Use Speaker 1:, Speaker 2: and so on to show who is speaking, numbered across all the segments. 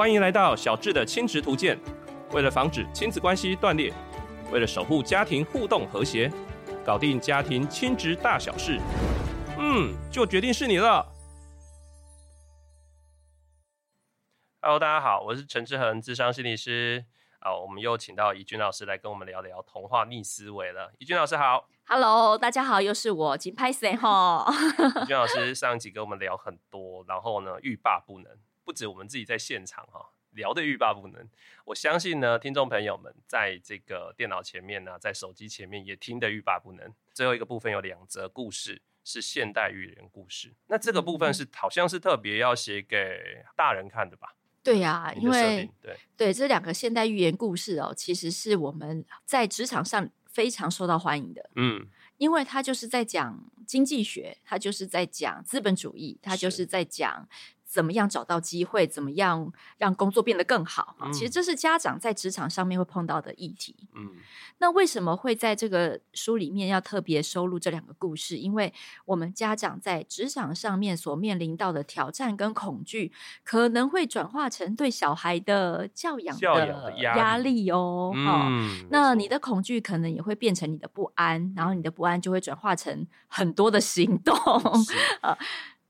Speaker 1: 歡迎來到小志的親職圖鑑。為了防止親子關係斷裂，為了守護家庭互動和諧，搞定家庭親職大小事，嗯，就決定是你了。Hello，大家好，我是陳志恆，諮商心理師。啊、哦，我們又有請到怡君老師來跟我們聊聊童話逆思維了。怡君老師好。
Speaker 2: Hello，大家好，又是我金拍森哈。怡、
Speaker 1: 哦、 君老師上一集跟我們聊很多，然後呢，欲罷不能。不止我們自己在現場哈聊得欲罷不能，我相信呢，聽眾朋友們在這個電腦前面呢、啊，在手機前面也聽得欲罷不能。最後一個部分有兩則故事是現代寓言故事，那這個部分是、嗯、好像是特別要寫給大人看的吧？
Speaker 2: 對呀、啊，因為對對這兩個現代寓言故事哦，其實是我們在職場上非常受到歡迎的。嗯，因為它就是在講經濟學，它就是在講資本主義，它就是在講是。怎麼樣找到機會？怎麼樣讓工作變得更好？嗯、其實這是家長在職場上面會碰到的議題。嗯，那為什麼會在這個書裡面要特別收錄這兩個故事？因為我們家長在職場上面所面臨到的挑戰跟恐懼，可能會轉化成對小孩的教養的壓力哦。教養的壓力。嗯，哦、沒錯。那你的恐懼可能也會變成你的不安，然後你的不安就會轉化成很多的行動。是。啊，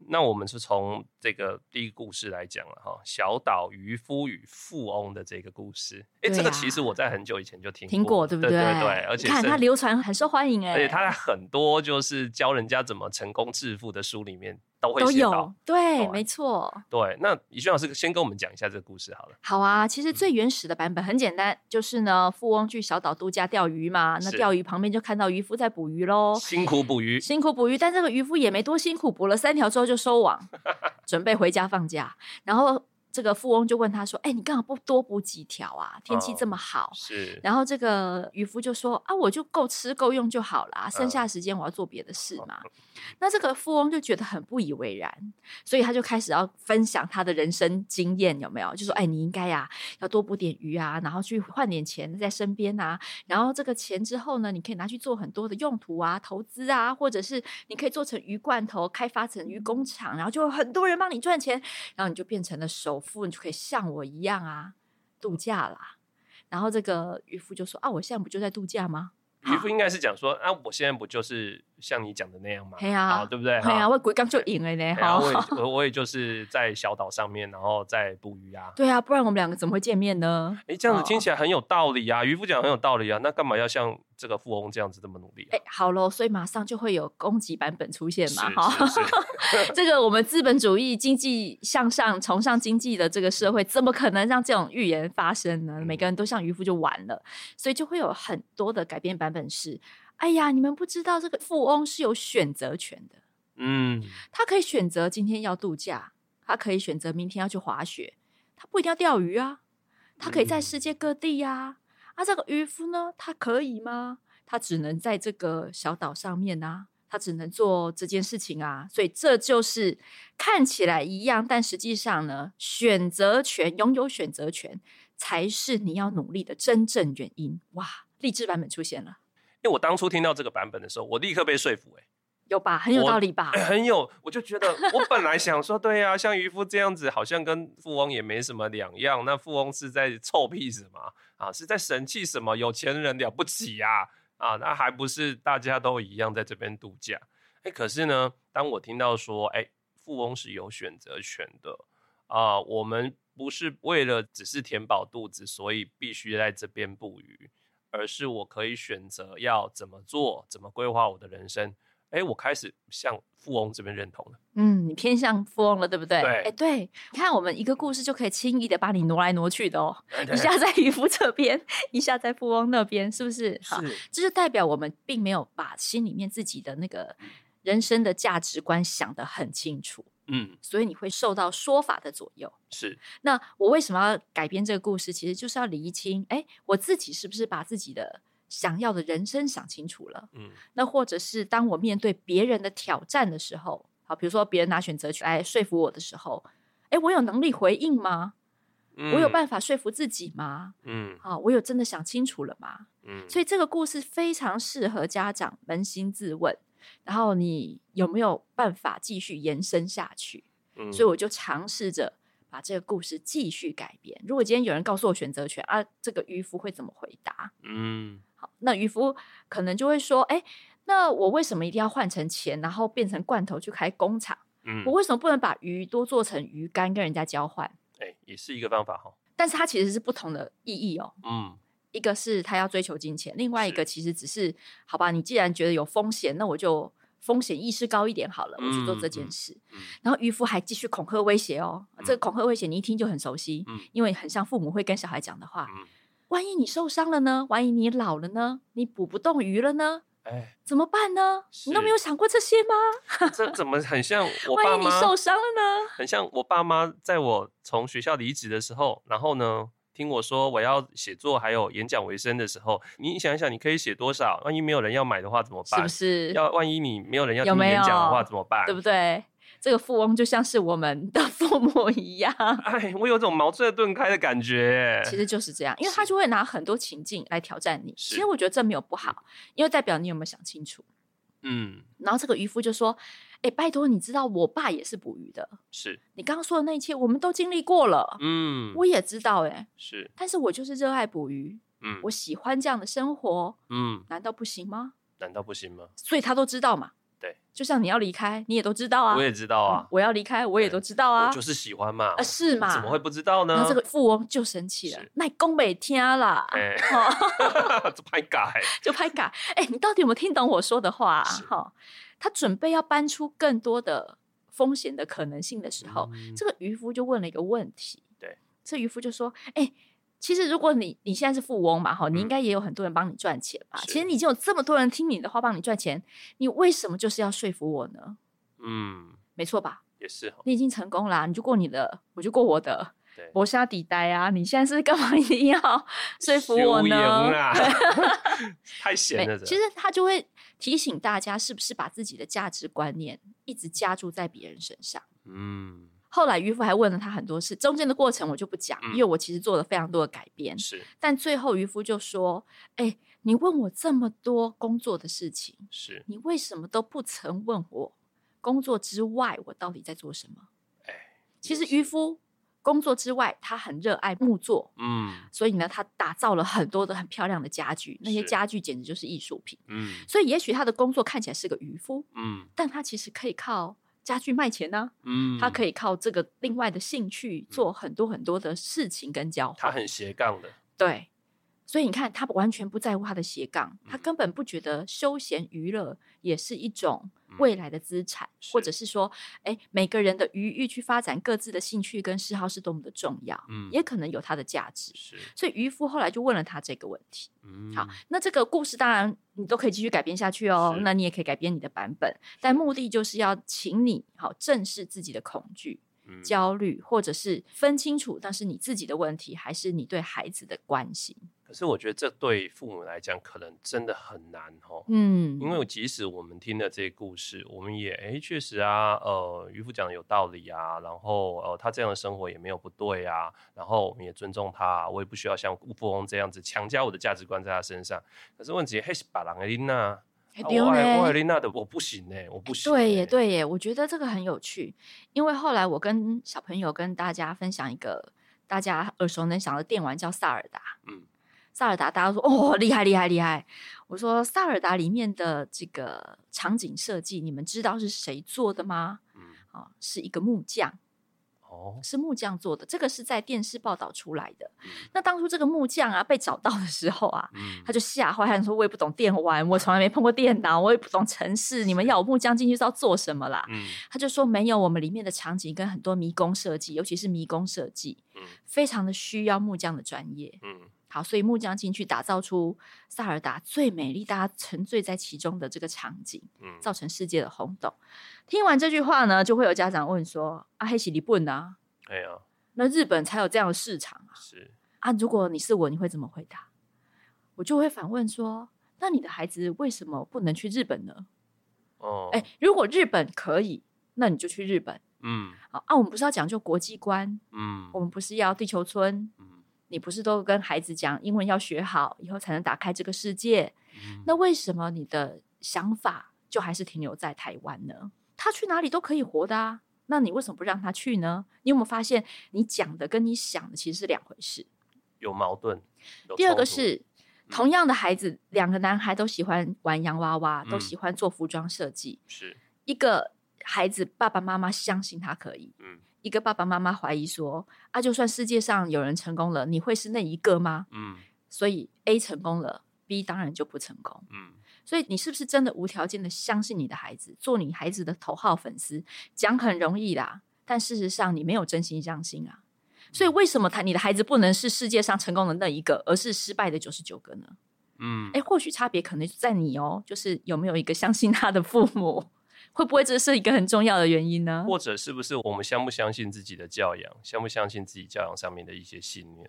Speaker 1: 那我們是從。這個第一個故事來講了哈，小島漁夫與富翁的這個故事，哎，啊、這個其實我在很久以前就聽過，對不對？對對對，而且它流
Speaker 2: 傳很受歡迎、欸，哎，而且它
Speaker 1: 在很多就是教人家怎麼成功致富的書裡面都會到都有，
Speaker 2: 對，哦啊、沒錯，
Speaker 1: 對。那怡君老師先跟我們講一下這個故事好了。
Speaker 2: 好啊，其實最原始的版本很簡單，嗯、就是呢，富翁去小島度假釣魚嘛，是那釣魚旁邊就看到漁夫在捕魚嘍，辛苦捕魚，辛苦捕魚，但這個漁夫也沒多辛苦，捕了三條之後就收網。 準備回家放假，然後。這個富翁就問他說：“哎、欸，你幹嘛不多捕幾條啊？天氣這麼好。” oh, 是。然後這個漁夫就說：“啊，我就夠吃夠用就好啦，剩下的時間我要做別的事嘛。” oh. 那這個富翁就覺得很不以為然，所以他就開始要分享他的人生經驗，有沒有？就說：“哎、欸，你應該呀、啊，要多捕點魚啊，然後去換點錢在身邊啊，然後這個錢之後呢，你可以拿去做很多的用途啊，投資啊，或者是你可以做成魚罐頭，開發成魚工廠，然後就有很多人幫你賺錢，然後你就變成了熟。”夫，人就可以像我一樣啊，度假啦。然後這個漁夫就說，啊，我現在不就在度假嗎？
Speaker 1: 漁夫應該是講說啊，啊，我現在不就是。像你講的那樣嗎？對，對不對？
Speaker 2: 對我剛就贏了呢？我
Speaker 1: 我也就是在小島上面，然後在捕魚啊。
Speaker 2: 對啊，不然我們兩個怎麼會見面呢？哎，這樣子聽
Speaker 1: 起來很有道理啊！漁夫講很有道理啊，那幹嘛要像這個富翁這樣子這麼努力？
Speaker 2: 哎，好囉，所以馬上就會有攻擊版本出現嘛！哈，這個我們資本主義經濟向上、崇尚經濟的這個社會，怎麼可能讓這種寓言發生呢？每個人都像漁夫就完了，所以就會有很多的改編版本是。哎呀，你們不知道這個富翁，是有選擇權的，嗯，他可以選擇今天要度假，他可以選擇明天要去滑雪，他不一定要釣魚啊，他可以在世界各地呀。啊，嗯。啊，這個漁夫呢，他可以嗎？他只能在這個小島上面啊，他只能做這件事情啊。所以這就是看起來一樣，但實際上呢，選擇權，擁有選擇權，才是你要努力的真正原因。哇，勵志版本出現了。
Speaker 1: 因為我當初聽到這個版本的時候，我立刻被說服、欸。
Speaker 2: 誒，有吧，很有道理吧？欸、很有，我就覺
Speaker 1: 得我本來想說對、啊，對呀，像漁夫這樣子，好像跟富翁也沒什麼兩樣。那富翁是在臭屁什麼？啊，是在神氣什麼？有錢人了不起呀、啊？啊，那還不是大家都一樣在這邊度假？誒、欸，可是呢，當我聽到說，誒、欸，富翁是有選擇權的啊，我們不是為了只是填飽肚子，所以必須在這邊捕魚。而是我可以選擇要怎麼做，怎麼規劃我的人生。哎，我開始向富翁這邊認同了。
Speaker 2: 嗯，你偏向富翁了，對不對？對。誒，對，你看我們一個故事就可以輕易的把你挪來挪去的哦，嗯，一下在漁夫這邊，一下在富翁那邊，是不是？是。好，這是代表我們並沒有把心裡面自己的那個人生的價值觀想得很清楚。嗯，所以你會受到說法的左右。是，那我為什麼要改編這個故事？其實就是要釐清，哎、欸，我自己是不是把自己的想要的人生想清楚了？嗯，那或者是當我面對別人的挑戰的時候，好，比如說別人拿選擇權來說服我的時候，哎、欸，我有能力回應嗎？嗯，
Speaker 1: 我有辦
Speaker 2: 法說服自己嗎？嗯，好，我有真的想清楚了嗎？嗯，所以這個故事非常適合家長捫心自問。然後你有沒有辦法繼續延伸下去？嗯，所以我就嘗試着把這個故事繼續改編。如果今天有人告訴我選擇權啊，這個漁夫會怎麼回答？嗯，好，那漁夫可能就會說：哎，那我為什麼一定要換成錢，然後變成罐頭去開工廠？嗯，我為什麼不能把魚多做成魚乾跟人家交換？
Speaker 1: 哎，也是一個方法哈，哦，
Speaker 2: 但是它其實是不同的意義哦。嗯。一個是他要追求金錢，另外一個其實只是好吧，你既然覺得有風險，那我就風險意識高一點好了，我去做這件事。然後漁夫還繼續恐嚇威脅哦，這個恐嚇威脅你一聽就很熟悉，因為很像父母會跟小孩講的話。萬一你受傷了呢？萬一你老了呢？你捕不動魚了呢？哎，怎麼辦呢？你都沒有想過這些嗎？
Speaker 1: 這怎麼很像我？萬一你受
Speaker 2: 傷了呢？
Speaker 1: 很像我爸媽在我從學校離職的時候，然後呢？聽我說，我要寫作還有演講為生的時候，你想一想，你可以寫多少？萬一沒有人要買的話怎麼辦？是不是？要萬一你沒有人要聽有沒有演講的話怎麼辦？對不
Speaker 2: 對？這個富翁就像是我們的父
Speaker 1: 母一樣。哎，我有種茅塞頓開的感覺。其實
Speaker 2: 就是這樣，因為他就會拿很多情境來挑戰你。是其實我覺得這沒有不好，因為代表你有沒有想清楚。嗯。然後這個漁夫就說。哎、欸，拜託，你知道我爸也是捕魚的，是，你剛剛說的那一切，我們都經歷過了。嗯，我也知道、欸，誒是，但是我就是熱愛捕魚，
Speaker 1: 嗯，我喜
Speaker 2: 歡這樣的生活，嗯，難道不行嗎？
Speaker 1: 難道不行嗎？所
Speaker 2: 以他都知道嘛。對，就像你要離開，你也都知道啊，我也知道啊。我要離開，我也都知道啊，我就是
Speaker 1: 喜歡嘛，啊是嘛，怎麼會不知道呢？那這個
Speaker 2: 富翁就生氣了，那公每天啦。
Speaker 1: 了，就拍尬，
Speaker 2: 就拍尬。哎，你到底有沒有聽懂我說的話？哈，他準備要搬出更多的風險的可能性的時候，這個漁夫就問了一個問題。對，這漁夫就說，哎。其實，如果你你現在是富翁嘛，哈，你應該也有很多人幫你賺錢吧？嗯、其實你已經有這麼多人聽你的話幫你賺錢，你為什麼就是要說服我呢？嗯，沒錯吧？也是。你已經成功了啊，你就過你的，我就過我的。對，我下底單啊，你現在是，是幹嘛一定要說服我呢？太
Speaker 1: 閒了，其實
Speaker 2: 他就會提醒大家，是不是把自己的價值觀念一直加注在別人身上？嗯。後來漁夫還問了他很多事，中間的過程我就不講，嗯、因為我其實做了非常多的改編。是，但最後漁夫就說：“哎、欸，你問我這麼多工作的事情，是你為什麼都不曾問我工作之外我到底在做什麼？”哎、欸，其實漁夫工作之外，他很熱愛木作，嗯，所以呢，他打造了很多的很漂亮的家具，那些家具簡直就是藝術品，嗯。所以也許他的工作看起來是個漁夫，嗯，但他其實可以靠。家去賣錢呢、啊，嗯、他可以靠這個另外的興趣做很多很多的事情跟交換。他很
Speaker 1: 斜槓的，
Speaker 2: 對，所以你看他完全不在乎他的斜槓，他根本不覺得休閒娛樂也是一種。未來的資產，或者是說，是誒，每個人的餘裕去發展各自的興趣跟嗜好是多麼的重要，嗯，也可能有它的價值。是，所以漁夫後來就問了他這個問題。嗯，好，那這個故事當然你都可以繼續改編下去哦。是那你也可以改編你的版本，但目的就是要請你好正視自己的恐懼、嗯、焦慮，或者是分清楚，那是你自己的問題還是你對孩子的關心。
Speaker 1: 可是，我覺得這對父母來講可能真的很難哦。嗯，因為即使我們聽了這些故事，我們也哎，確實啊，呃，漁夫講的有道理啊，然後呃，他這樣的生活也沒有不對啊，然後我們也尊重他、啊，我也不需要像富翁這樣子強加我的價值觀在他身上。可是問題還、嗯、是把郎麗娜，我我麗娜的我不行呢，我不
Speaker 2: 行、欸。不行欸、對耶，對耶，我覺得這個很有趣，因為後來我跟小朋友跟大家分享一個大家耳熟能詳的電玩，叫《薩爾達》。嗯。薩爾達，大家說哦，厲害厲害厲害！我說薩爾達裡面的這個場景設計，你們知道是誰做的嗎？嗯、啊，是一個木匠，哦，是木匠做的。這個是在電視報道出來的。嗯、那當初這個木匠啊被找到的時候啊，嗯、他就嚇壞，他說我也不懂電玩，我從來沒碰過電腦，我也不懂程式，你們要我木匠進去是要做什麼啦？嗯、他就說沒有，我們裡面的場景跟很多迷宮設計，尤其是迷宮設計，嗯、非常的需要木匠的專業，嗯。好，所以木匠進去打造出薩爾達最美麗，大家沉醉在其中的這個場景，嗯，造成世界的轟動。嗯、聽完這句話呢，就會有家長問說：“阿黑喜里本啊？啊哎呦呀那日本才有這樣的市場啊。是啊，如果你是我，你會怎麼回答？我就會反問說：“那你的孩子為什麼不能去日本呢？”哦，哎、欸，如果日本可以，那你就去日本。嗯，好啊，我們不是要講究國際觀？嗯，我們不是要地球村？嗯。你不是都跟孩子講英文要學好，以後才能打開這個世界？嗯、那為什麼你的想法就還是停留在台灣呢？他去哪裡都可以活的啊，那你為什麼不讓他去呢？你有沒有發現，你講的跟你想的其實是兩回事，
Speaker 1: 有矛盾。第二個是、
Speaker 2: 嗯、同樣的孩子，兩個男孩都喜歡玩洋娃娃，嗯、都喜歡做服裝設計，是一個孩子爸爸媽媽相信他可以，嗯。一個爸爸媽媽懷疑說：“啊，就算世界上有人成功了，你會是那一個嗎？”嗯，所以 A 成功了，B 當然就不成功。嗯，所以你是不是真的無條件的相信你的孩子，做你孩子的頭號粉絲？講很容易啦，但事實上你沒有真心相信啊。嗯，所以為什麼他你的孩子不能是世界上成功的那一個，而是失敗的九十九個呢？嗯，哎，或許差別可能就在你哦，就是有沒有一個相信他的父母。會不會這是一個很重要的原因呢？
Speaker 1: 或者是不是我們相不相信自己的教養，相不相信自己教養上面的一些信念、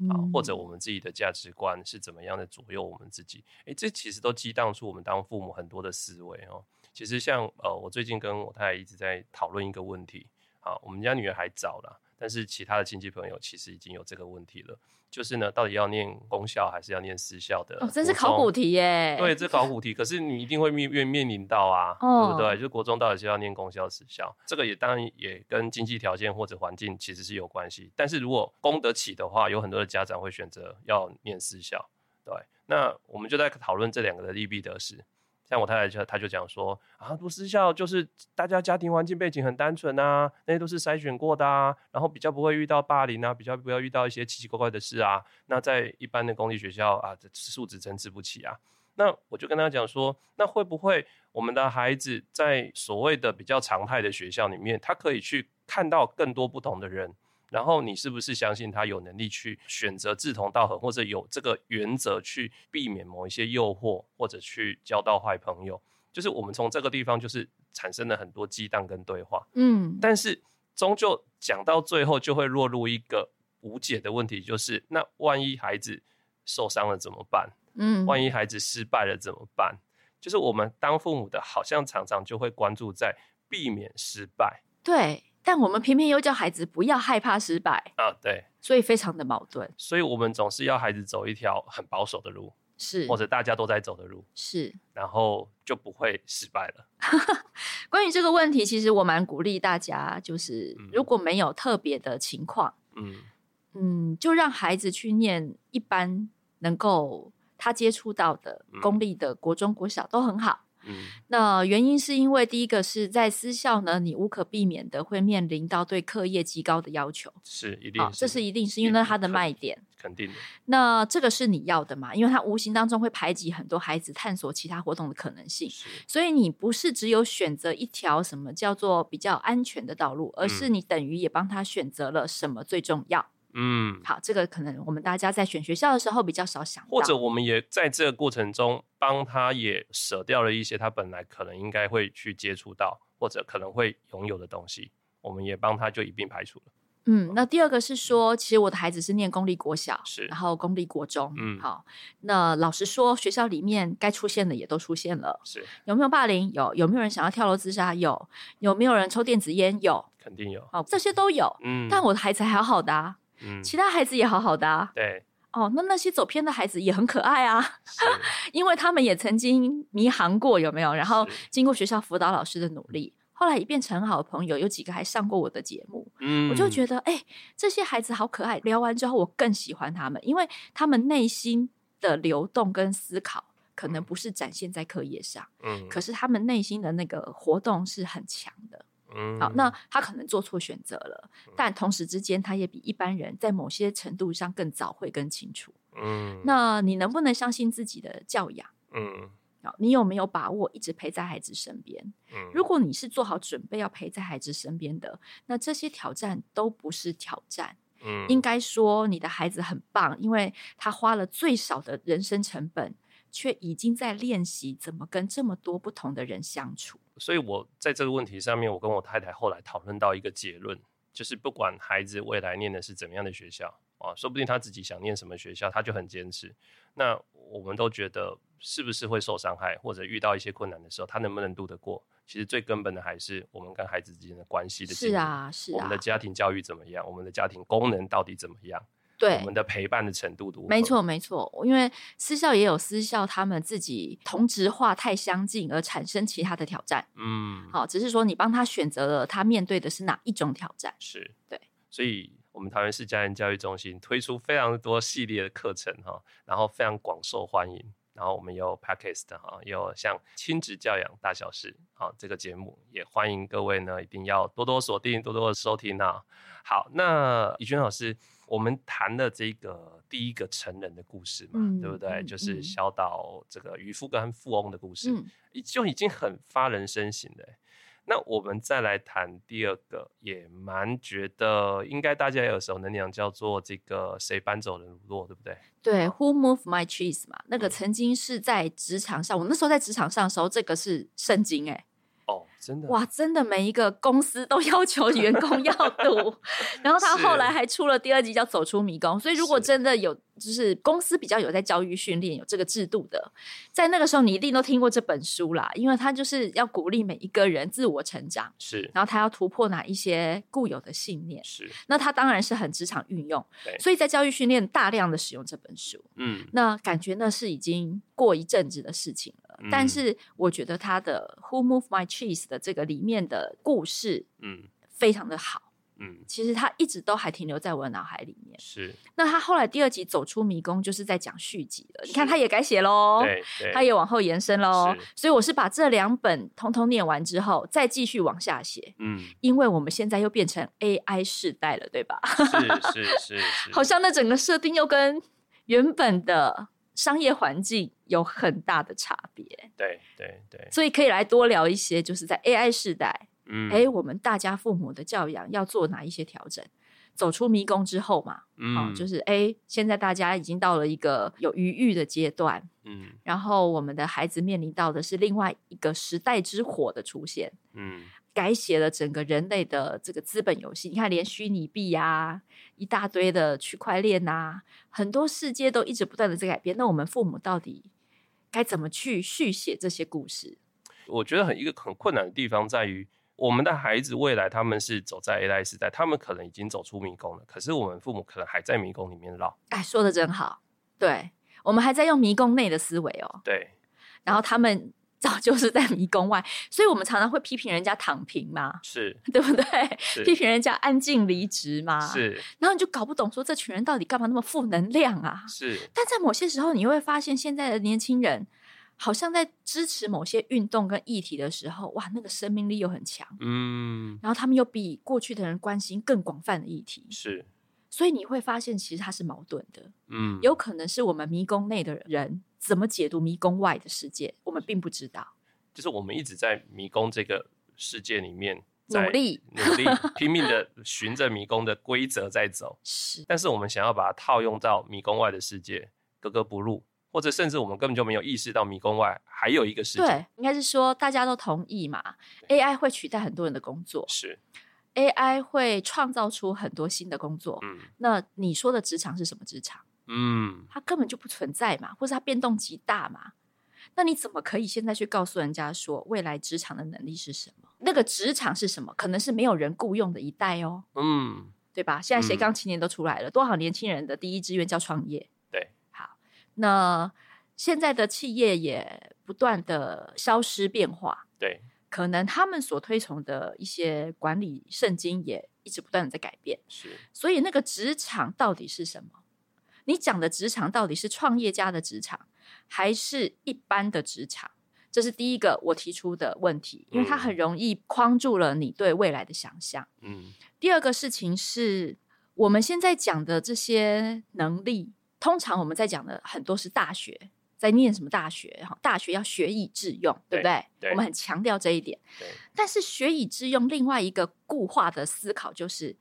Speaker 1: 嗯、啊？或者我們自己的價值觀是怎麼樣的左右我們自己？誒，這其實都激盪出我們當父母很多的思維哦。其實像呃，我最近跟我太太一直在討論一個問題啊，我們家女兒還早了，但是其他的親戚朋友其實已經有這個問題了。就是呢，到底要念公校還是要念私校的？哦，真是考古題耶！對，這考古題， 可是你一定會面面臨到啊，哦、對不對？就是國中到底是要念公校、私校，這個也當然也跟經濟條件或者環境其實是有關係。但是如果供得起的話，有很多的家長會選擇要念私校。對，那我們就在討論這兩個的利弊得失。像我太太就，他就講說啊，讀私校就是大家家庭環境背景很單純啊，那些都是篩選過的啊，然後比較不會遇到霸凌啊，比較不要遇到一些奇奇怪怪的事啊。那在一般的公立學校啊，這素質參差不齊啊。那我就跟他講說，那會不會我們的孩子在所謂的比較常態的學校裡面，他可以去看到更多不同的人？然後你是不是相信他有能力去選擇志同道合，或者有這個原則去避免某一些誘惑，或者去交到壞朋友？就是我們從這個地方就是產生了很多激盪跟對話。嗯，但是終究講到最後，就會落入一個無解的問題，就是那萬一孩子受傷了怎麼辦？嗯，萬一孩子失敗了怎麼辦？就是我們當父母的，好像常常就會關注在避免失敗。
Speaker 2: 對。但我們偏偏又叫孩子不要害怕失敗
Speaker 1: 啊，對，
Speaker 2: 所以非常的矛盾。
Speaker 1: 所以我們總是要孩子走一條很保守的路，是或者大家都在走的路，是，然後就不會失敗了。
Speaker 2: 關於這個問題，其實我蠻鼓勵大家，就是如果沒有特別的情況，嗯嗯，就讓孩子去念一般能夠他接觸到的公立的國中、國小都很好。嗯，那原因是因為第一個是在私校呢，你無可避免的會面臨到對課業極高的要求，是一定是，啊，這是一定是因為它的賣點，肯定的。那這個是你要的嘛？因為它無形當中會排擠很多孩子探索其他活動的可能性，是所以你不是只有選擇一條什麼叫做比較安全的道路，而是你等於也幫他選擇了什麼最重要。嗯，好，這個可能我們大家在選學校的時候比較少想，或者
Speaker 1: 我們也在這個過程中幫他也捨掉了一些他本來可能應該會去接觸到或者可能會擁有的東西，我們也幫他就一併排除了。
Speaker 2: 嗯，那第二個是說，其實我的孩子是念公立國小，是，然後公立國中，嗯，好，那老實說，學校裡面該出現的也都出現了，是，有沒有霸凌？有，有沒有人想要跳樓自殺？有，有沒有人抽電子菸？有，
Speaker 1: 肯定有，
Speaker 2: 好，這些都有，嗯，但我的孩子還好好的啊。其他孩子也好好的啊，嗯、對，哦，那那些走偏的孩子也很可愛啊， 因為他們也曾經迷航過，有沒有？然後經過學校輔導老師的努力，是後來也變成好朋友，有幾個還上過我的節目，嗯，我就覺得，哎、欸，這些孩子好可愛。聊完之後，我更喜歡他們，因為他們內心的流動跟思考，可能不是展現在課業上，嗯，可是他們內心的那個活動是很強的。嗯，好，那他可能做錯選擇了，嗯，但同時之間，他也比一般人在某些程度上更早會更清楚。嗯，那你能不能相信自己的教養？嗯，好，你有沒有把握一直陪在孩子身邊？嗯，如果你是做好準備要陪在孩子身邊的，那這些挑戰都不是挑戰。嗯，應該說你的孩子很棒，因為他花了最少的人生成本，卻已經在練習怎麼跟這麼多不同的人相處。
Speaker 1: 所以，我在這個問題上面，我跟我太太後來討論到一個結論，就是不管孩子未來念的是怎麼樣的學校啊，說不定他自己想念什麼學校，他就很堅持。那我們都覺得，是不是會受傷害，或者遇到一些困難的時候，他能不能度得過？其實最根本的還是我們跟孩子之間的關係的，是啊，是啊。我們的家庭教育怎麼樣？我們的家庭功能到底怎麼樣？對，我們的陪伴的程度多。沒錯
Speaker 2: 沒錯，因為私校也有私校，他們自己同質化太相近而產生其他的挑戰。嗯，好，只是說你幫他選擇了，他面對的是哪一種挑戰？是對，
Speaker 1: 所以我們桃園市家庭教育中心推出非常多系列的課程哈，然後非常廣受歡迎。然後我們有 Podcast 哈，有像親子教養大小事啊這個節目，也歡迎各位呢，一定要多多鎖定，多多的收聽啊。好，那怡君老師，我們談的這個第一個成人的故事嘛，嗯、對不對？嗯、就是小島這個漁夫跟富翁的故事，嗯、就已經很發人深省了、欸那我們再來談第二個，也蠻覺得應該大家有時候能講叫做這個誰搬走的乳酪，對不對？
Speaker 2: 對，Who moved my cheese 嘛？那個曾經是在職場上，嗯、我那時候在職場上的時候，這個是聖經哎、欸。哇，真的每一個公司都要求員工要讀， 然後他後來還出了第二集叫《走出迷宮》。所以，如果真的有，是。就是公司比較有在教育訓練有這個制度的，在那個時候，你一定都聽過這本書啦，因為他就是要鼓勵每一個人自我成長，是。然後他要突破哪一些固有的信念，是。那他當然是很職場運用，對。所以在教育訓練大量的使用這本書，嗯，那感覺那是已經過一陣子的事情了。但是我覺得他的《Who Moved My Cheese》的這個裡面的故事，嗯，非常的好，嗯，其實他一直都還停留在我的腦海裡面。是，那他後來第二集走出迷宮，就是在講續集了。你看，他也改寫嘍，他也往後延伸嘍。所以我是把這兩本通通念完之後，再繼續往下寫。嗯，因為我們現在又變成 AI 時代了，對吧？是是是，好像那整個設定又跟原本的商業環境。有很大的差別，對
Speaker 1: 對對，
Speaker 2: 所以可以來多聊一些，就是在 AI 時代，嗯，我們大家父母的教養要做哪一些調整？走出迷宮之後嘛，嗯、呃，就是哎，現在大家已經到了一個有餘裕的階段，嗯，然後我們的孩子面臨到的是另外一個時代之火的出現，嗯，改寫了整個人類的這個資本遊戲。你看，連虛擬幣啊，一大堆的區塊鏈啊，很多世界都一直不斷的在改變。那我們父母到底？該怎麼去續寫這些故事？
Speaker 1: 我覺得很一個很困難的地方在於，我們的孩子未來他們是走在 AI 時代，他們可能已經走出迷宮了，可是我們父母可能還在迷宮裡面繞。哎，
Speaker 2: 說得真好，對，我們還在用迷宮內的思維哦。對，然後他們。早就是在迷宮外，所以我們常常會批評人家躺平嘛，是對不對？是。批評人家安靜離職嘛，是。然後你就搞不懂，說這群人到底幹嘛那麼負能量啊？是。但在某些時候，你會發現，現在的年輕人好像在支持某些運動跟議題的時候，哇，那個生命力又很強。嗯。然後他們又比過去的人關心更廣泛的議題，是。所以你會發現，其實它是矛盾的。嗯。有可能是我們迷宮內的人。怎麼解讀迷宮外的世界？我們並不
Speaker 1: 知道。就是我們一直在迷宮這個世界裡面努力、努力、 拼命的循着迷宮的規則在走。是，但是我們想要把它套用到迷宮外的世界，格格不入，或者甚至我們根本就沒有意識到迷宮外還有一個世界。對，
Speaker 2: 應該是說大家都同意嘛，AI 會取代很多人的工作，是對 AI 會創造出很多新的工作。嗯是，那你說的職場是什麼職場？嗯，它根本就不存在嘛，或者它變動極大嘛，那你怎麼可以現在去告訴人家說未來職場的能力是什麼？那個職場是什麼？可能是沒有人僱傭的一代哦、喔。嗯，對吧？現在斜槓青年都出來了，嗯、多少年輕人的第一志願叫創業？
Speaker 1: 對，好。
Speaker 2: 那現在的企業也不斷的消失變化，對，可能他們所推崇的一些管理聖經也一直不斷的在改變，是。所以那個職場到底是什麼？你講的職場到底是創業家的職場，還是一般的職場？這是第一個我提出的問題，因為它很容易框住了你對未來的想象。嗯。第二個事情是我們現在講的這些能力，通常我們在講的很多是大學，在念什麼大學，大學要學以致用，對不對？對。對，我們很強調這一點，對但是學以致用，另外一個固化的思考就是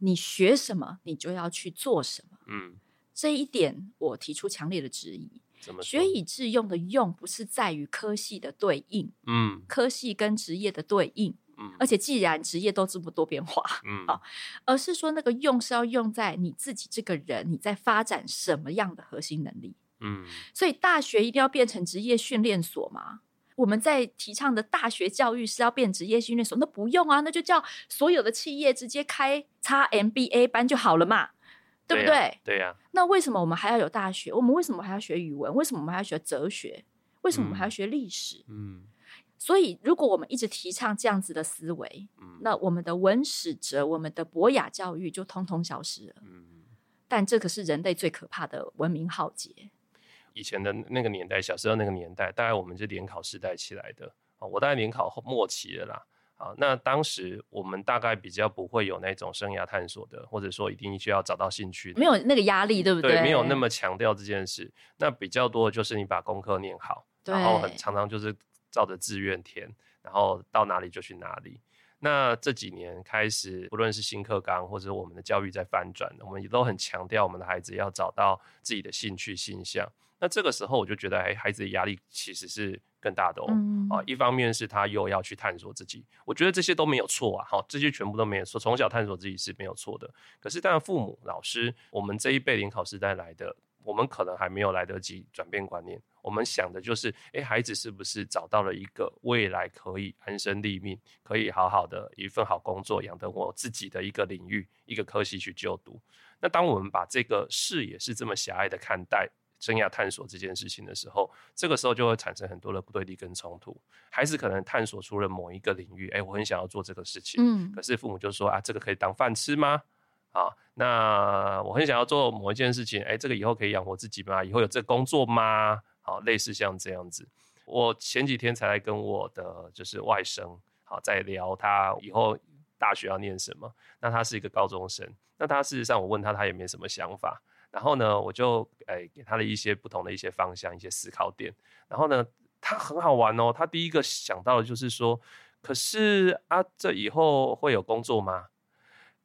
Speaker 2: 你學什麼，你就要去做什麼。嗯。這一點我提出強烈的質疑。麼學以致用的用不是在於科系的對應，嗯，科系跟職業的對應，嗯，而且既然職業都這麼多變化，嗯、啊，而是說那個用是要用在你自己這個人，你在發展什麼樣的核心能力，嗯，所以大學一定要變成職業訓練所嗎？我們在提倡的大學教育是要變職業訓練所，那不用啊，那就叫所有的企業直接開叉 MBA 班就好了嘛。對不對？對呀、啊。對啊、那為什麼我們還要有大學？我們為什麼還要學語文？為什麼我們還要學哲學？為什麼我們還要學歷史？嗯。嗯所以，如果我們一直提倡這樣子的思維，嗯、那我們的文史哲、我們的博雅教育就通通消失了。嗯。但這可是人類最可怕的文明浩劫。
Speaker 1: 以前的那個年代，小時候那個年代，大概我們就聯考時代起來的啊、哦。我大概聯考後末期了啦。好，那當時我們大概比較不會有那種生涯探索的，或者說一定需要找到興趣的，沒有那個壓力，對不對？對，沒有那麼強調這件事。那比較多的就是你把功課念好，對然後很常常就是照着志願填，然後到哪裡就去哪裡。那這幾年開始，不論是新課綱或者我們的教育在翻轉，我們也都很強調我們的孩子要找到自己的興趣性向。那這個時候，我就覺得，誒、欸，孩子的壓力其實是更大的哦。嗯、啊，一方面是他又要去探索自己，我覺得這些都沒有錯啊。好，這些全部都沒有錯，從小探索自己是沒有錯的。可是，當然，父母、老師，我們這一輩聯考時代來的，我們可能還沒有來得及轉變觀念。我們想的就是，誒、欸，孩子是不是找到了一個未來可以安身立命、可以好好的一份好工作，養得活自己的一個領域、一個科系去就讀？那當我們把這個視野是這麼狹隘的看待，生涯探索這件事情的時候，這個時候就會產生很多的不對立跟衝突。孩子可能探索出了某一個領域，哎，我很想要做這個事情，嗯，可是父母就說啊，這個可以當飯吃嗎？啊，那我很想要做某一件事情，哎，這個以後可以養活自己嗎？以後有這個工作嗎？好，類似像這樣子。我前幾天才來跟我的就是外甥好在聊，他以後大學要念什麼？那他是一個高中生，那他事實上我問他，他也沒什麼想法。然後呢，我就誒、欸、給他了一些不同的一些方向，一些思考點。然後呢，他很好玩哦。他第一個想到的就是說，可是啊，這以後會有工作嗎？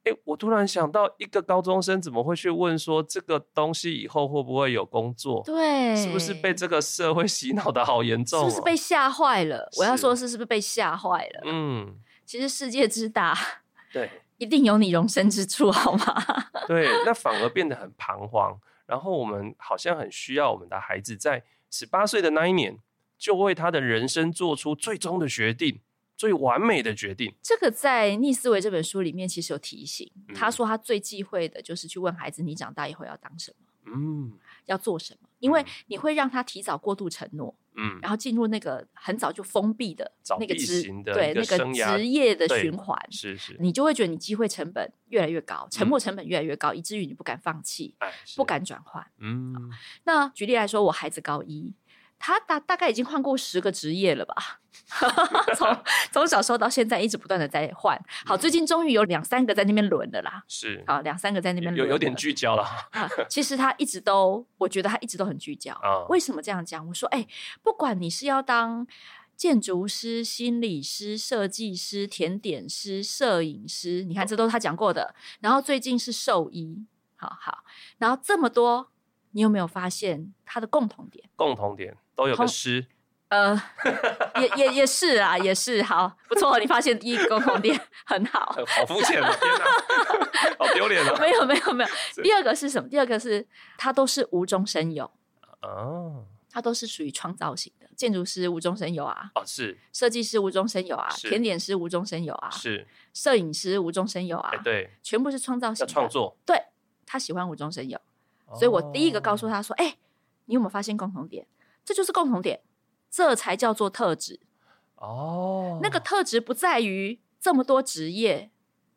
Speaker 1: 哎、欸，我突然想到，一個高中生怎麼會去問說這個東西以後會不會有工作？對，是不是被這個社會洗腦的好嚴重、哦？是，是不是
Speaker 2: 被嚇壞了？我要說，是是不是被嚇壞了？嗯，其實世界之大，
Speaker 1: 對。
Speaker 2: 一定有你容身之處，好嗎？
Speaker 1: 對，那反而變得很彷徨。然後我們好像很需要我們的孩子在十八歲的那一年，就為他的人生做出最終的決定，最完美的決定。
Speaker 2: 這個在逆思維這本書裡面其實有提醒，嗯、他說他最忌諱的就是去問孩子：「你長大以後要當什麼？嗯，要做什麼？」因為你會讓他提早過度承諾。嗯，然後進入那個很早就封閉的那個職，對，那個職業的循環，是是，你就會覺得你機會成本越來越高，沉沒、嗯、成、成本越來越高，以至於你不敢放棄，不敢轉換。嗯、啊，那舉例來說，我孩子高一。他大大概已經換過十個職業了吧？從 從小時候到現在，一直不斷的在換。好，最近終於有兩三個在那邊輪了啦。是啊，兩三個在那邊輪，有有點聚
Speaker 1: 焦了、嗯。其
Speaker 2: 實他一直都，我覺得他一直都很聚焦。啊， 為什麼這樣講？我說，哎、欸，不管你是要當建築師、心理師、設計師、甜點師、攝影師，你看這都是他講過的。然後最近是獸醫，好好，然後這麼多，你有沒有發現他的共同
Speaker 1: 點？共同點。都有個師
Speaker 2: 呃，也也也是啊，也是好，不錯，你發現一個共同點很好。好
Speaker 1: 膚淺了，天哪，好丟臉了，沒有
Speaker 2: 沒有沒有。第二個是什麼？第二個是他都是無中生有，他都是屬於創造型的，建築師無中生有啊，哦是，設計師無中生有啊，甜點師無中生有啊，是，攝影師無中生有啊，對，全部是創造型的創作，對，他喜歡無中生有，所以我第一個告訴他說，哎，你有沒有發現共同點？這就是共同點，這才叫做特質
Speaker 1: 哦。Oh.
Speaker 2: 那個特質不在於這麼多職業，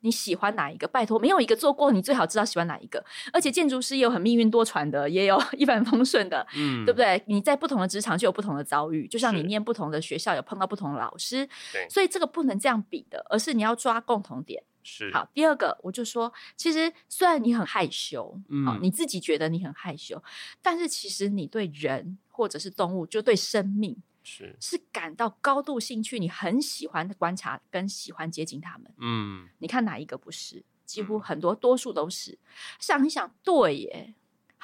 Speaker 2: 你喜歡哪一個？拜托，沒有一個做過，你最好知道喜歡哪一個。而且建築師也有很命運多舛的，也有一帆風順的，嗯，mm. 對不對？你在不同的職場就有不同的遭遇，就像你念不同的學校，有碰到不同的老師，是所以這個不能這樣比的，而是你要抓共同點。是好，第二個我就說，其實雖然你很害羞，嗯、哦，你自己覺得你很害羞，但是其實你對人或者是動物，就對生命是是感到高度興趣，你很喜歡觀察跟喜歡接近他們。嗯，你看哪一個不是？幾乎很多、嗯、多數都是。想一想，對耶。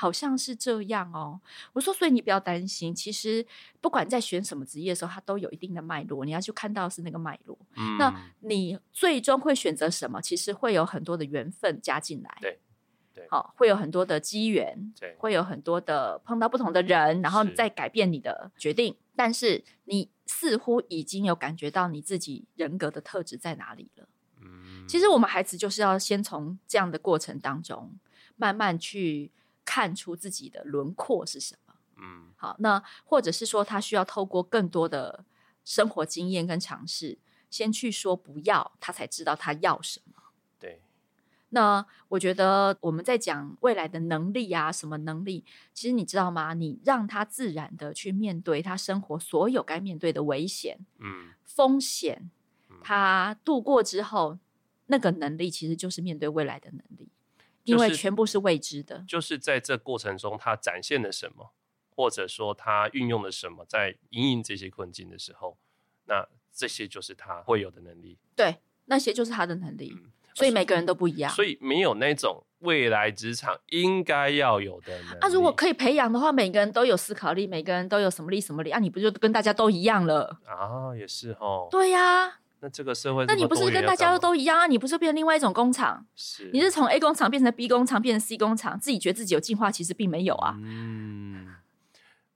Speaker 2: 好像是這樣哦，我說，所以你不要擔心。其實，不管在選什麼職業的時候，它都有一定的脈絡，你要去看到是那個脈絡。嗯，那你最終會選擇什麼？其實會有很多的緣分加進來，
Speaker 1: 對，對，
Speaker 2: 好，哦，會有很多的機緣，對，會有很多的碰到不同的人，對，然後再改變你的決定。是，但是你似乎已經有感覺到你自己人格的特質在哪裡了。嗯，其實我們孩子就是要先從這樣的過程當中慢慢去。看出自己的輪廓是什麼？嗯，好，那或者是說，他需要透過更多的生活經驗跟嘗試，先去說不要，他才知道他要什麼。對，那我覺得我們在講未來的能力啊，什麼能力？其實你知道嗎？你讓他自然的去面對他生活所有該面對的危險、嗯、風險，嗯、他度過之後，那個能力其實就是面對未來的能力。就是、因為全部是未知的，
Speaker 1: 就是在這過程中，他展現了什麼，或者說他運用了什麼，在因應這些困境的時候，那這些就是他會有的能力。
Speaker 2: 對，那些就是他的能力，嗯、所以每個人都不一樣。啊、所以、所
Speaker 1: 以沒有那種未來職場應該要有的能力。那、
Speaker 2: 啊、如果可以培養的話，每個人都有思考力，每個人都有什麼力什麼力啊？你不就跟大家都一樣
Speaker 1: 了啊？也是哦，對呀、啊。那這個社會，那你不是跟大家
Speaker 2: 都一樣啊？你不是變另外一種工廠？是，你是從 A 工廠變成 B 工廠，變成 C 工廠，自己覺得自己有進化，其實並沒有啊。嗯，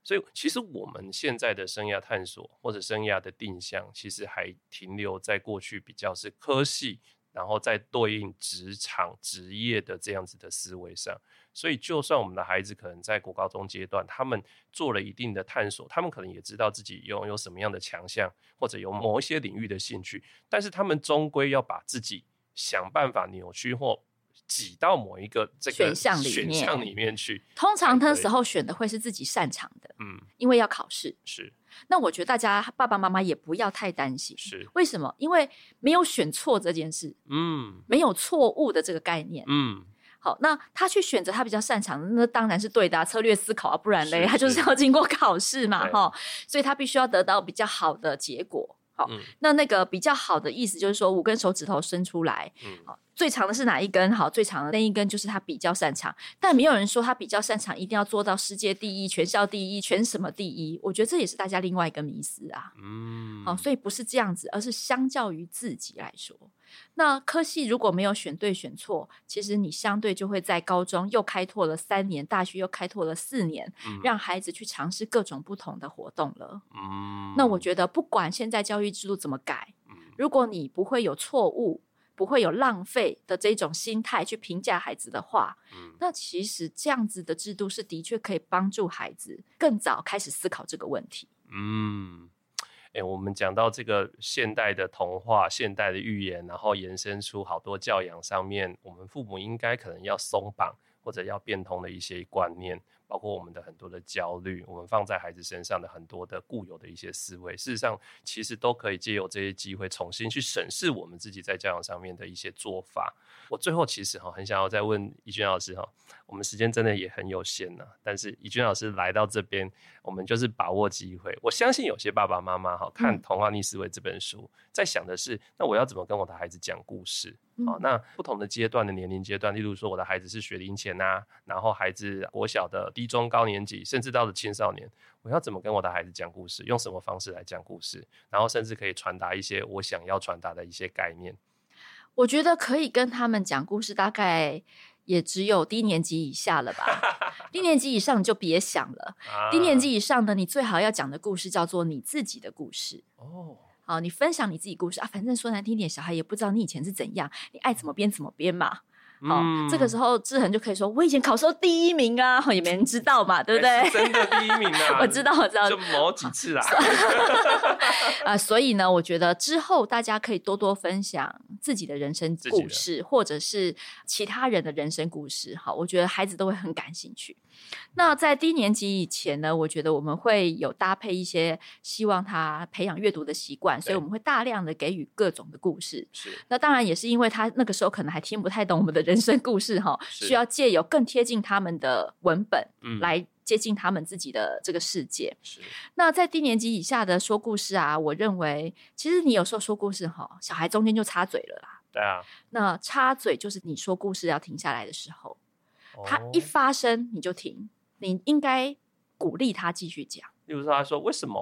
Speaker 1: 所以其實我們現在的生涯探索或者生涯的定向，其實還停留在過去比較是科系。然後在對應職場職業的這樣子的思維上，所以就算我們的孩子可能在國高中階段，他們做了一定的探索，他們可能也知道自己擁有，有什麼樣的強項，或者有某一些領域的興趣，但是他們終歸要把自己想辦法扭曲或擠到某一個這個選項裡面去。
Speaker 2: 通常的時候選的會是自己擅長的，嗯，因為要考試。是。那我覺得大家爸爸媽媽也不要太擔心。是。為什麼？因為沒有選錯這件事，嗯，沒有錯誤的這個概念，嗯。好，那他去選擇他比較擅長的，那當然是對的啊，策略思考啊，不然嘞？是是他就是要經過考試嘛，哈對、哦，所以他必須要得到比較好的結果。好，那那個比較好的意思就是說，五根手指頭伸出來，嗯，好，最長的是哪一根？好，最長的那一根就是他比較擅長。但沒有人說他比較擅長一定要做到世界第一、全校第一、全什麼第一。我覺得這也是大家另外一個迷思啊。嗯，好，所以不是這樣子，而是相較於自己來說。那科系如果沒有選對選錯，其實你相對就會在高中又開拓了三年，大學又開拓了四年，嗯、讓孩子去嘗試各種不同的活動了。嗯、那我覺得不管現在教育制度怎麼改，如果你不會有錯誤、不會有浪費的這種心態去評價孩子的話，嗯、那其實這樣子的制度是的確可以幫助孩子更早開始思考這個問題。嗯。
Speaker 1: 誒、欸，我們講到這個現代的童話、現代的寓言，然後延伸出好多教養上面，我們父母應該可能要鬆綁或者要變通的一些觀念，包括我們的很多的焦慮，我們放在孩子身上的很多的固有的一些思維，事實上其實都可以借由這些機會重新去審視我們自己在教養上面的一些做法。我最後其實哈很想要再問怡君老師哈。我們時間真的也很有限呢、啊，但是怡君老師來到這邊，我們就是把握機會。我相信有些爸爸媽媽哈，看《童話逆思維》這本書，嗯、在想的是，那我要怎麼跟我的孩子講故事啊、嗯哦？那不同的階段的年齡階段，例如說我的孩子是學齡前啊，然後孩子國小的低中高年級，甚至到了青少年，我要怎麼跟我的孩子講故事？用什麼方式來講故事？然後甚至可以傳達一些我想要傳達的一些概念。
Speaker 2: 我覺得可以跟他們講故事，大概。也只有低年級以下了吧，低 年級以上你就別想了。低 年級以上的，你最好要講的故事叫做你自己的故事。哦，oh. 好，你分享你自己故事啊，反正說難聽點，小孩也不知道你以前是怎樣，你愛怎麼編怎麼編嘛。好，嗯、這個時候志恆就可以說：“我以前考試第一名啊，也沒人知道嘛，是對不對？”真的第一名啊， 我知道，我知道，就
Speaker 1: 某幾次啦。啊
Speaker 2: 呃，所以呢，我覺得之後大家可以多多分享自己的人生故事，或者是其他人的人生故事。好，我覺得孩子都會很感興趣。那在低年級以前呢，我覺得我們會有搭配一些，希望他培養閱讀的習慣，對所以我們會大量的給予各種的故事。是，那當然也是因為他那個時候可能還聽不太懂我們的。人生故事齁，是需要借由更貼近他們的文本，嗯、來接近他們自己的這個世界。是。那在低年級以下的說故事啊，我認為其實你有時候說故事齁，小孩中間就插嘴了啦。對啊。那插嘴就是你說故事要停下來的時候，
Speaker 1: 哦、他一發
Speaker 2: 聲你就停，你應該鼓勵他繼續講。
Speaker 1: 例如說他說：“為什麼？”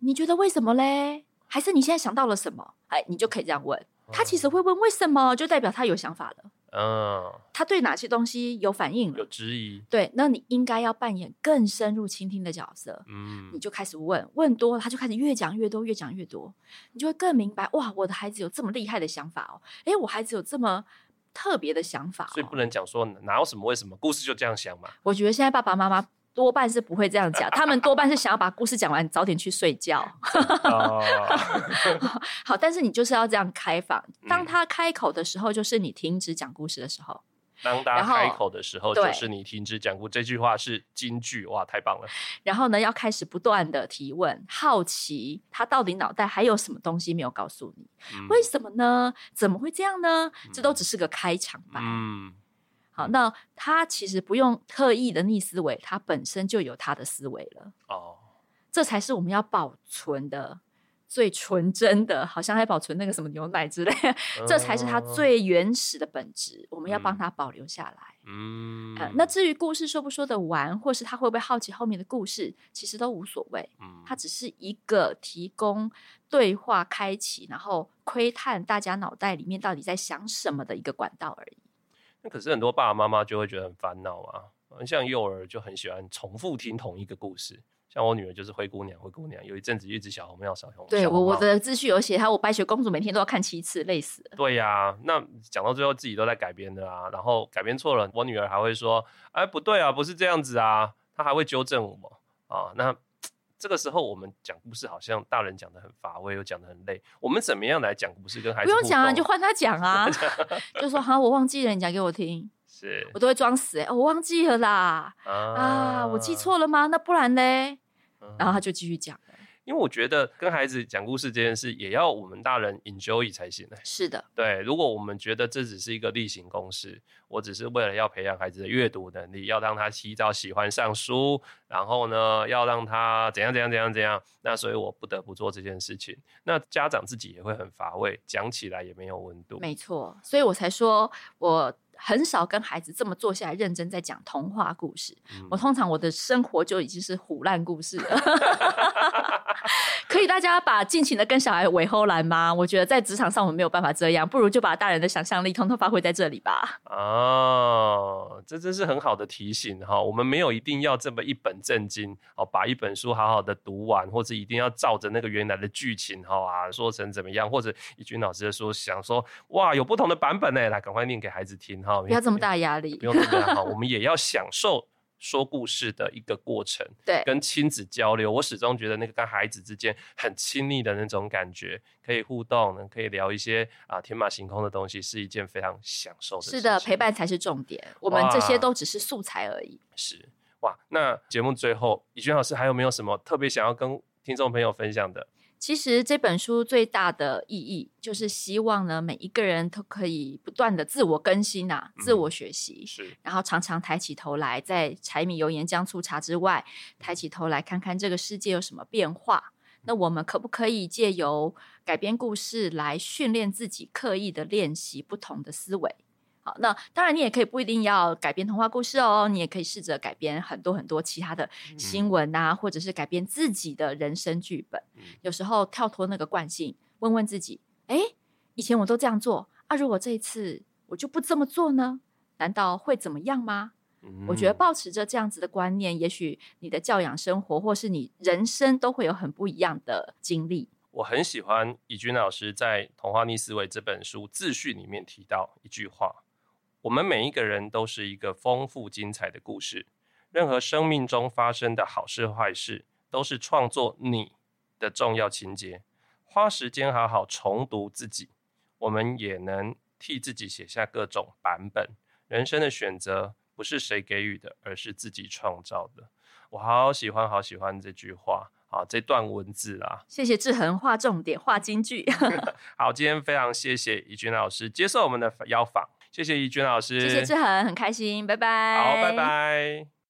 Speaker 2: 你覺得為什麼嘞？還是你現在想到了什麼？哎、欸，你就可以這樣問。他其實會問為什麼，就代表他有想法了。嗯，oh. 他對哪些東西有反應，有質疑。對，那你應該要扮演更深入傾聽的角色。嗯，mm. 你就開始問，問多了他就開始越講越多，越講越多，你就會更明白，哇，我的孩子有這麼厲害的想法哦，誒、欸，我孩子有這麼特別的想法、哦，所以不
Speaker 1: 能講說哪有什麼為什麼，故事就這樣想嘛。
Speaker 2: 我覺得現在爸爸媽媽。多半是不會這樣講，他們多半是想要把故事講完，早點去睡覺。好，但是你就是要這樣開放。當他開口的時候，就是你停止講故事的時候。
Speaker 1: 當大家開口的時候，就是你停止講故事。這句話是金句，哇，太棒了！
Speaker 2: 然後呢，要開始不斷的提問，好奇他到底腦袋還有什麼東西沒有告訴你？為什麼呢？怎麼會這樣呢？這都只是個開場吧。好，那他其實不用特意的逆思維，他本身就有他的思維了。哦，oh. 這才是我們要保存的最純真的，好像還保存那個什麼牛奶之類的，uh. 這才是它最原始的本質。我們要幫他保留下來。嗯、um. 呃，那至於故事說不說得完，或是他會不會好奇後面的故事，其實都無所謂。嗯，它只是一個提供對話開啟，然後窺探大家腦袋裡面到底在想什麼的一個管道而已。
Speaker 1: 可是很多爸爸媽媽就會覺得很煩惱啊，像幼兒就很喜歡重複聽同一個故事，像我女兒就是灰姑娘，灰姑娘有一陣子一直小紅帽，小紅，小紅帽。對我我的
Speaker 2: 秩序有寫她，還有我白雪公主每天都要看七次，累死
Speaker 1: 了。對呀、啊，那講到最後自己都在改編的啊，然後改編錯了，我女兒還會說，哎、欸、不對啊，不是這樣子啊，她還會糾正我嘛，啊，那。這個時候，我們講故事好像大人講得很乏味，又講得很累，我們怎麼樣來講故事跟孩子？不用講啊，你就
Speaker 2: 換他講啊，講啊 就說，好我忘記了，你講給我聽。是我都會裝死、欸哦、我忘記了啦，
Speaker 1: 啊，啊，我記錯
Speaker 2: 了嗎？那不然呢？嗯、然後他就繼續講。
Speaker 1: 因為我覺得跟孩子講故事這件事，也要我們大人 enjoy 才行欸。是的，對。如果我們覺得這只是一個例行公事，我只是為了要培養孩子的閱讀能力，要讓他提早喜歡上書，然後呢，要讓他怎樣怎樣怎樣怎樣，那所以我不得不做這件事情。那家長自己也會很乏味，講起來也沒有溫度。沒錯，
Speaker 2: 所以我才說我。很少跟孩子這麼坐下來認真在講童話故事。嗯、我通常我的生活就已經是唬爛故事了。 可以大家把盡情的跟小孩尾後來嗎？我覺得在職場上我們沒有辦法這樣，不如就把大人的想象力通通發揮在這裡吧。
Speaker 1: 哦，這真是很好的提醒哈、哦。我們沒有一定要這麼一本正經哦，把一本書好好的讀完，或者一定要照着那個原來的劇情哈、哦、啊說成怎麼樣，或者一群老師說想說哇有不同的版本呢，來趕快念給孩子聽哈。哦不要這麼大
Speaker 2: 壓力，不用那麼大哈。 我
Speaker 1: 們也要享受說故事的一個過程，對，跟親子交流。我始終覺得那個跟孩子之間很親密的那種感覺，可以互動，可以聊一些啊天馬行空的東西，是一件非常享受的事情。是的，陪
Speaker 2: 伴才是重點。哇我們這些都只是素材而已。是
Speaker 1: 哇，那節目最後，怡君老師還有沒有什麼特別想要跟聽眾朋友分享的？
Speaker 2: 其實這本書最大的意義，就是希望呢，每一個人都可以不斷地自我更新，啊，嗯，自我學習，是，然後常常抬起頭來，在柴米油鹽醬醋茶之外，抬起頭來看看這個世界有什麼變化。那我們可不可以借由改編故事來訓練自己，刻意的練習不同的思維？好，那當然，你也可以不一定要改編童話故事哦，你也可以試着改編很多很多其他的新聞啊，嗯、或者是改編自己的人生劇本。嗯、有時候跳脫那個慣性，問問自己，哎、欸，以前我都這樣做，啊，如果這一次我就不這麼做呢？難道會怎麼樣嗎？嗯、我覺得保持着這樣子的觀念，也許你的教養、生活或是你人生都會有很不一樣的
Speaker 1: 經歷。我很喜歡怡君老師在《童話逆思維》這本書自序裡面提到一句話。我們每一個人都是一個豐富精彩的故事，任何生命中發生的好事壞事，都是創作你的重要情節。花時間好好重讀自己，我們也能替自己寫下各種版本。人生的選擇不是誰給予的，而是自己創造的。我好喜歡，好喜歡這句話啊！這段文字啊，謝
Speaker 2: 謝志恆畫重點、畫金句。
Speaker 1: 好，今天非常謝謝怡君老師接受我們的邀訪。謝謝怡君老師，謝謝志
Speaker 2: 恆，很開心，拜拜，好，拜
Speaker 1: 拜。